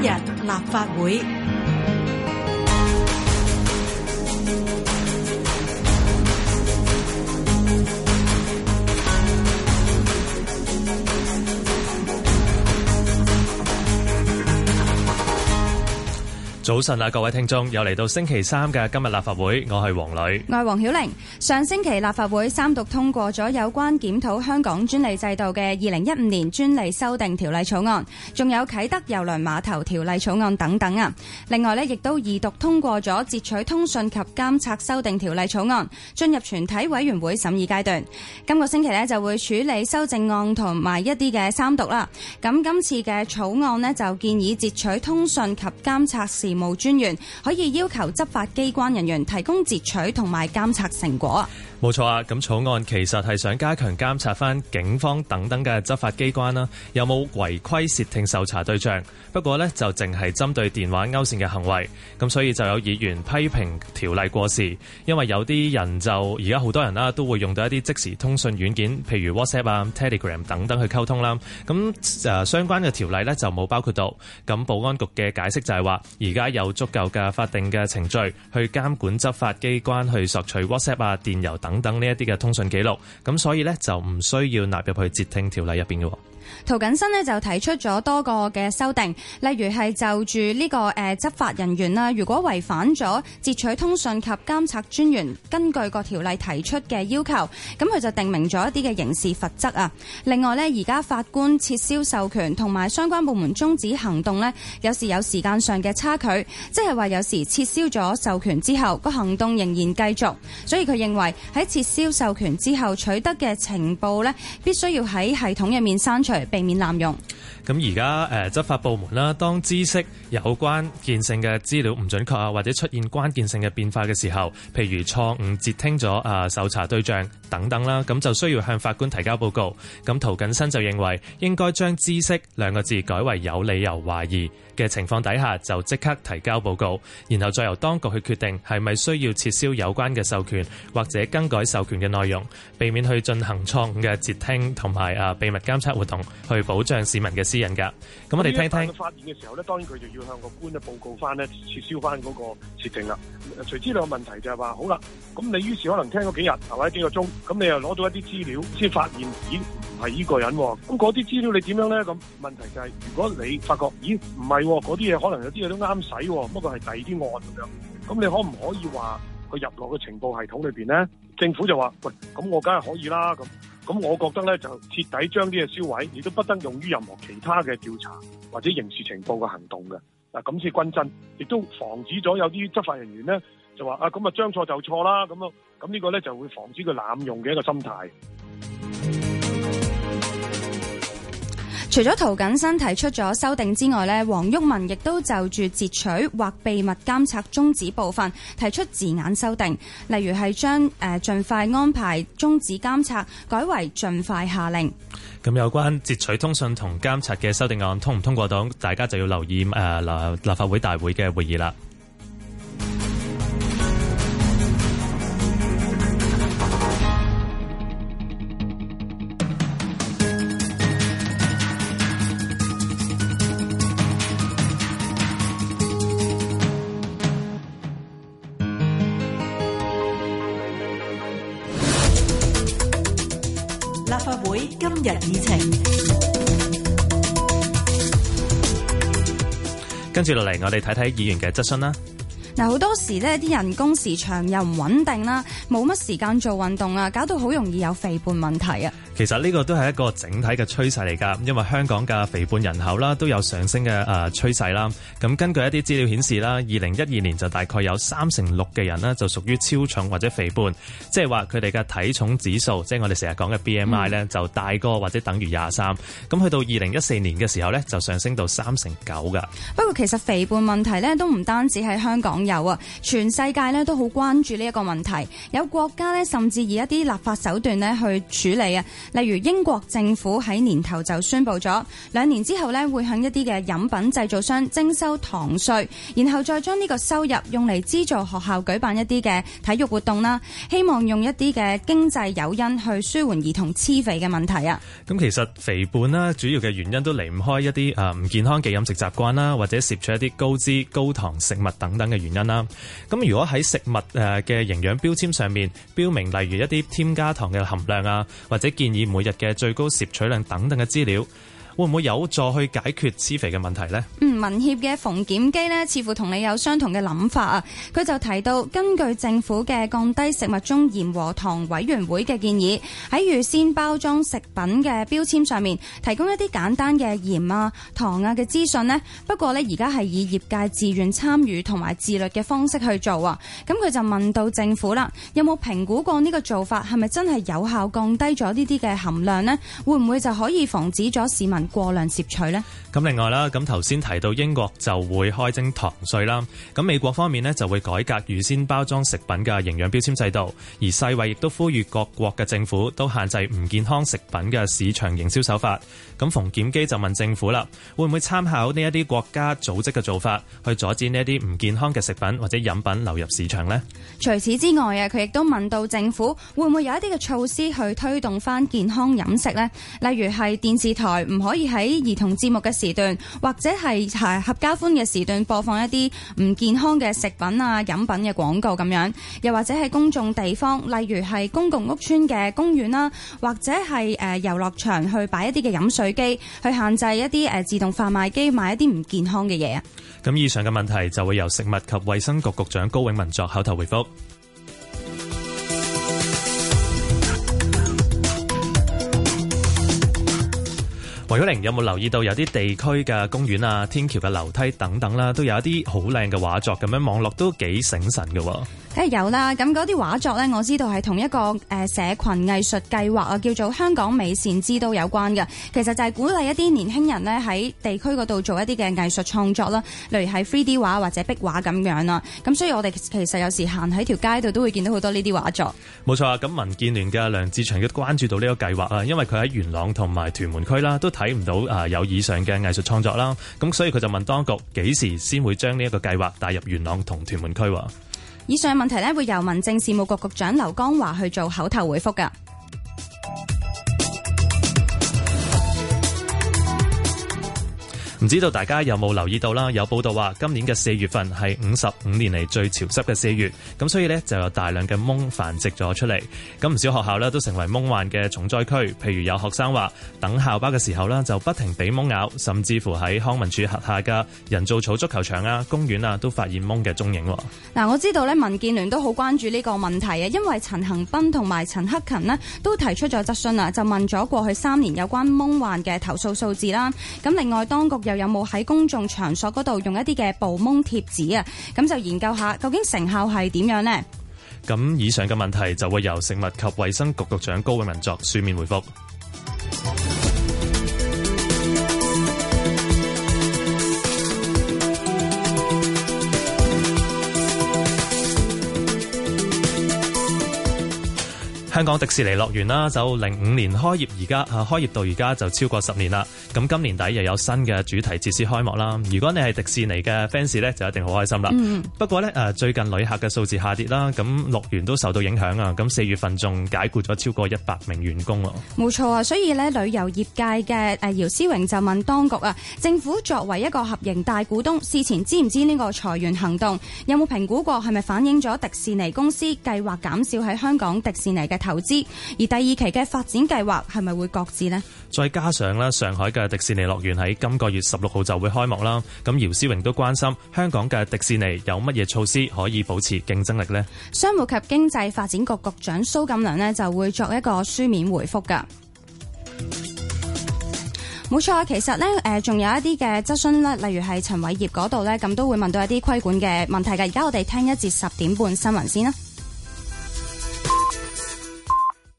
今日立法會。早晨啊，各位聽眾，又嚟到星期三嘅今日立法會，我係黃磊，我係黃曉玲。上星期立法會三讀通過咗有關檢討香港專利制度嘅二零一五年專利修訂條例草案，仲有啟德郵輪碼頭條例草案等等啊。另外咧，亦都二讀通過咗截取通訊及監察修訂條例草案，進入全體委員會審議階段。今個星期咧就會處理修正案同埋一啲嘅三讀啦。咁今次嘅草案咧就建議截取通訊及監察事。事務專員可以要求執法機關人員提供截取同埋監察成果。冇錯啊，咁草案其實係想加強監察翻警方等等嘅執法機關啦，有冇違規竊聽搜查對象？不過呢，就淨係針對電話勾線嘅行為，咁所以就有議員批評條例過時，因為有啲人就而家好多人啦都會用到一啲即時通訊軟件，譬如 WhatsApp 啊、Telegram 等等去溝通啦。咁誒相關嘅條例呢，就冇包括到。咁保安局嘅解釋就係話而家。有足夠嘅法定嘅程序去監管執法機關去索取 WhatsApp 啊、電郵等等呢一啲嘅通訊記錄，咁所以呢，就唔需要納入去截聽條例入邊嘅喎。涂謹申就提出咗多個嘅修訂，例如係就住呢個誒執法人員啦，如果違反咗截取通訊及監察專員根據個條例提出嘅要求，咁佢就定明咗一啲嘅刑事罰則啊。另外呢，而家法官撤銷授權同埋相關部門終止行動呢，有時有時間上嘅差距，即係話有時撤銷咗授權之後個行動仍然繼續，所以佢認為喺撤銷授權之後取得嘅情報呢，必須要喺系統入面刪除。避免濫用。咁而家誒執法部門啦，當知識有關建性嘅資料唔準確啊，或者出現關鍵性嘅變化嘅時候，譬如錯誤截聽咗啊搜查對象等等啦，咁、啊、就需要向法官提交報告。咁涂謹申就認為，應該將知識兩個字改為有理由懷疑嘅情況底下，就即刻提交報告，然後再由當局去決定係咪需要撤銷有關嘅授權或者更改授權嘅內容，避免去進行錯誤嘅截聽同埋啊秘密監察活動。去保障市民嘅私隱噶，咁我哋聽聽。發現嘅時候咧，當然佢就要向個官咧報告翻咧，撤銷翻嗰個設定啦。隨之兩個問題就係、是、話，好啦，咁你於是可能聽咗幾日，係咪幾個鐘？咁你又攞到一啲資料，先發現咦唔係呢個人？咁嗰啲資料你點樣咧？咁問題就係、是，如果你發覺咦唔係嗰啲嘢，可能有啲嘢都啱使，不過係第二啲案咁樣。咁你可唔可以話佢入落個情報系統裏邊咧？政府就話喂，咁我梗係可以啦咁。咁我覺得咧，就徹底將啲嘢銷毀，亦都不得用於任何其他嘅調查或者刑事情報嘅行動嘅。嗱，咁先均真，亦都防止咗有啲執法人員咧就話啊，咁啊將錯就錯啦。咁咁呢個咧就會防止佢濫用嘅一個心態。除咗涂謹申提出咗修訂之外咧，黃毓民亦都就住截取或秘密監察終止部分提出字眼修訂，例如係將誒盡快安排終止監察，改為盡快下令。咁有關截取通訊同監察嘅修訂案通唔通過到，大家就要留意立、呃、立法會大會嘅會議啦。今日議程，跟住落嚟，我哋睇睇議員嘅質詢啦。嗱，好多時咧，啲人工時長又唔穩定啦，冇乜時間做運動啊，搞到好容易有肥胖問題啊。其實呢個都係一個整體嘅趨勢嚟噶，因為香港嘅肥胖人口啦都有上升嘅誒趨勢啦。咁根據一啲資料顯示啦，二零一二年就大概有三成六嘅人呢就屬於超重或者肥胖，即係話佢哋嘅體重指數，即係我哋成日講嘅 BMI 呢，就大過或者等於廿三。咁去到二零一四年嘅時候呢，就上升到三成九噶。不過其實肥胖問題呢都唔單止喺香港有啊，全世界呢都好關注呢一個問題，有國家呢，甚至以一啲立法手段呢去處理啊。例如英國政府喺年頭就宣布咗，兩年之後咧會向一啲嘅飲品製造商徵收糖稅，然後再將呢個收入用嚟資助學校舉辦一啲嘅體育活動啦，希望用一啲嘅經濟誘因去舒緩兒童癡肥嘅問題啊。咁其實肥胖啦，主要嘅原因都離唔開一啲啊唔健康嘅飲食習慣啦，或者攝取一啲高脂高糖食物等等嘅原因啦。咁如果喺食物誒嘅營養標籤上面標明，例如一啲添加糖嘅含量啊，或者健以每日嘅最高攝取量等等嘅資料。會唔會有助去解決黐肥嘅問題呢？嗯，民協嘅馮檢基呢，似乎同你有相同嘅諗法啊。佢就提到，根據政府嘅降低食物中鹽和糖委員會嘅建議，喺預先包裝食品嘅標籤上面提供一啲簡單嘅鹽啊、糖啊嘅資訊呢。不過呢，而家係以業界自願參與同埋自律嘅方式去做啊。咁佢就問到政府啦，有冇評估過呢個做法係咪真係有效降低咗呢啲嘅含量呢？會唔會就可以防止咗市民？過量攝取呢？咁另外啦，咁頭先提到英國就會開徵糖稅啦。咁美國方面呢，就會改革預先包裝食品嘅營養標籤制度。而世衛亦都呼籲各國嘅政府都限制唔健康食品嘅市場營銷手法。咁馮檢基就問政府啦，會唔會參考呢一啲國家組織嘅做法，去阻止呢一啲唔健康嘅食品或者飲品流入市場呢？除此之外啊，佢亦都問到政府會唔會有一啲嘅措施去推動翻健康飲食呢？例如係電視台唔可可以喺兒童節目嘅時段，或者係誒合家歡嘅時段播放一啲唔健康嘅食品啊、飲品嘅廣告咁樣，又或者喺公眾地方，例如係公共屋邨嘅公園啦，或者係誒遊樂場去擺一啲嘅飲水機，去限制一啲誒自動販賣機買一啲唔健康嘅嘢。咁以上嘅問題就會由食物及衛生局局長高永文作口頭回覆黃曉玲有冇留意到有啲地區嘅公園啊、天橋嘅樓梯等等啦，都有一啲好靚嘅畫作咁樣，望落都幾醒神嘅。誒有啦，咁嗰啲畫作咧，我知道係同一個誒社群藝術計劃啊，叫做香港美善之都有關嘅。其實就係鼓勵一啲年輕人咧喺地區嗰度做一啲嘅藝術創作啦，例如喺 3D 畫或者壁畫咁樣啦。咁所以我哋其實有時行喺條街度都會見到好多呢啲畫作。冇錯啊，咁民建聯嘅梁志祥亦都關注到呢個計劃啊，因為佢喺元朗同埋屯門區啦，都睇唔到啊有以上嘅藝術創作啦。咁所以佢就問當局幾時先會將呢一個計劃帶入元朗同屯門區喎？以上問題呢，會由民政事務局局長劉江華去做口頭回覆㗎。知道大家有冇留意到啦？有報道話今年嘅四月份係五十五年嚟最潮濕嘅四月，咁所以呢就有大量嘅蚊繁殖咗出嚟。咁唔少學校呢都成為蚊患嘅重災區。譬如有學生話，等校巴嘅時候呢就不停畀蚊咬，甚至乎喺康文署轄下嘅人造草足球場啊、公園啊都發現蚊嘅蹤影喎。嗱，我知道呢民建聯都好關注呢個問題啊，因為陳恒鑌同埋陳克勤呢都提出咗質詢啊，就問咗過去三年有關蚊患嘅投訴數字啦。咁另外當局又有。有冇喺公眾場所嗰度用一啲嘅布蒙貼紙啊？咁就研究下究竟成效係點樣呢？咁以上嘅問題就會由食物及衛生局局長高永文作書面回覆香港迪士尼樂園啦，就零五年開業啊，而家開業到而家就超過十年啦。咁今年底又有新嘅主題設施開幕啦。如果你係迪士尼嘅 fans 咧，就一定好開心啦。嗯。不過咧，誒最近旅客嘅數字下跌啦，咁樂園都受到影響啊。咁四月份仲解僱咗超過一百名員工咯。冇錯啊，所以咧旅遊業界嘅誒姚思榮就問當局啊，政府作為一個合營大股東，事前知唔知呢個裁員行動有冇評估過係咪反映咗迪士尼公司計劃減少喺香港迪士尼嘅投投資，而第二期嘅發展計劃係咪會擱置呢？再加上上海嘅迪士尼樂園喺今個月十六號就會開幕啦。咁姚思榮都關心香港嘅迪士尼有乜嘢措施可以保持競爭力呢？商務及經濟發展局局長蘇錦梁呢就會作一個書面回復噶。冇錯，其實呢誒，仲、呃、有一啲嘅質詢咧，例如係陳偉業嗰度呢，咁都會問到一啲規管嘅問題噶。而家我哋聽一節十點半新聞先啦。